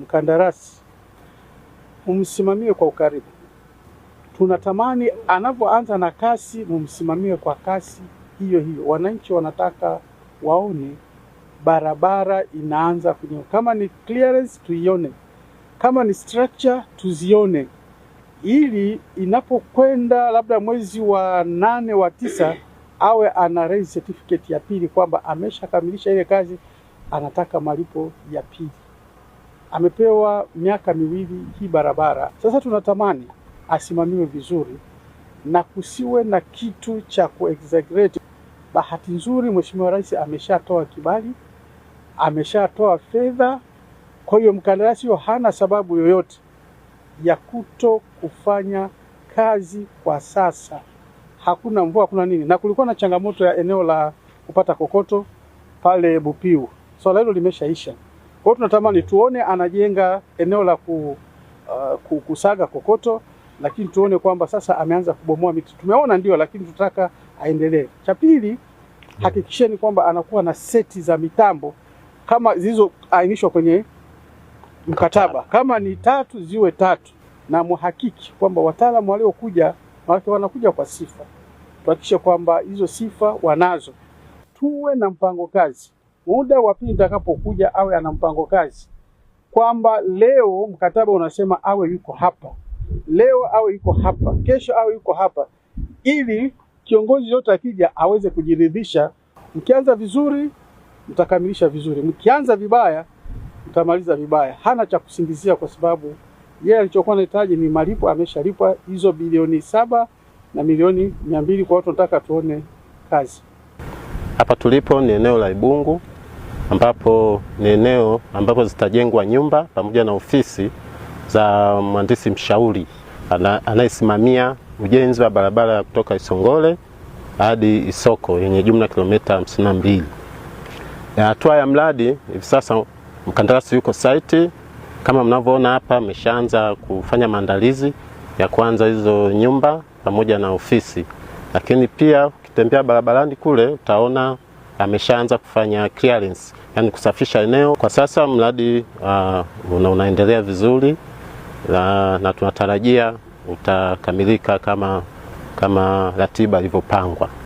mkandarasi mumsimamie kwa ukaribu. Tunatamani anapoanza na kasi, mumsimamie kwa kasi hiyo hiyo. Wananchi wanataka waone barabara inaanza kunyoka. Kama ni clearance tuione, kama ni structure tuzione, ili inapokwenda labda mwezi wa nane wa tisa awe ana raise certificate ya pili kwamba ameshakamilisha ile kazi. Anataka malipo ya pili amepewa miaka miwili hii barabara. Sasa tunatamani asimamiwe vizuri na kusiwe na kitu cha kuexaggerate. Bahati nzuri Mheshimiwa Rais ameshatoa kibali, ameshatoa fedha, kwa hiyo mkandarasi huyo hana sababu yoyote ya kuto kufanya kazi kwa sasa. Hakuna mvua, hakuna nini, na kulikuwa na changamoto ya eneo la kupata kokoto pale Bupiu. Swala so, hilo limeshaisha. Kwa tunatamani tuone anajenga eneo la ku, uh, kusaga kokoto, lakini tuone kwamba sasa ameanza kubomoa miti. Tumeona ndio, lakini tutaka aendelee. Cha pili, hakikisheni kwamba anakuwa na seti za mitambo kama zilizoainishwa kwenye mkataba. Kama ni tatu ziwe tatu, na muhakiki kwamba wataalamu waliokuja, maanake wanakuja kwa sifa, tuhakikishe kwamba hizo sifa wanazo. Tuwe na mpango kazi muda wa pili utakapokuja awe ana mpango kazi, kwamba leo mkataba unasema awe yuko hapa leo, awe yuko hapa kesho, awe yuko hapa, ili kiongozi yote akija aweze kujiridhisha. Mkianza vizuri mtakamilisha vizuri, mkianza vibaya mtamaliza vibaya. Hana cha kusingizia kwa sababu yeye alichokuwa anahitaji ni malipo, ameshalipwa hizo bilioni saba na milioni mia mbili. Kwa watu nataka tuone kazi. Hapa tulipo ni eneo la Ibungu ambapo ni eneo ambapo zitajengwa nyumba pamoja na ofisi za mhandisi mshauri anayesimamia ujenzi wa barabara ya kutoka Isongole hadi Isoko yenye jumla kilomita 52. Hatua ya mradi hivi sasa, mkandarasi yuko site kama mnavyoona hapa, ameshaanza kufanya maandalizi ya kuanza hizo nyumba pamoja na ofisi, lakini pia ukitembea barabarani kule utaona ameshaanza kufanya clearance, yani kusafisha eneo. Kwa sasa mradi uh, una, unaendelea vizuri na, na tunatarajia utakamilika kama, kama ratiba ilivyopangwa.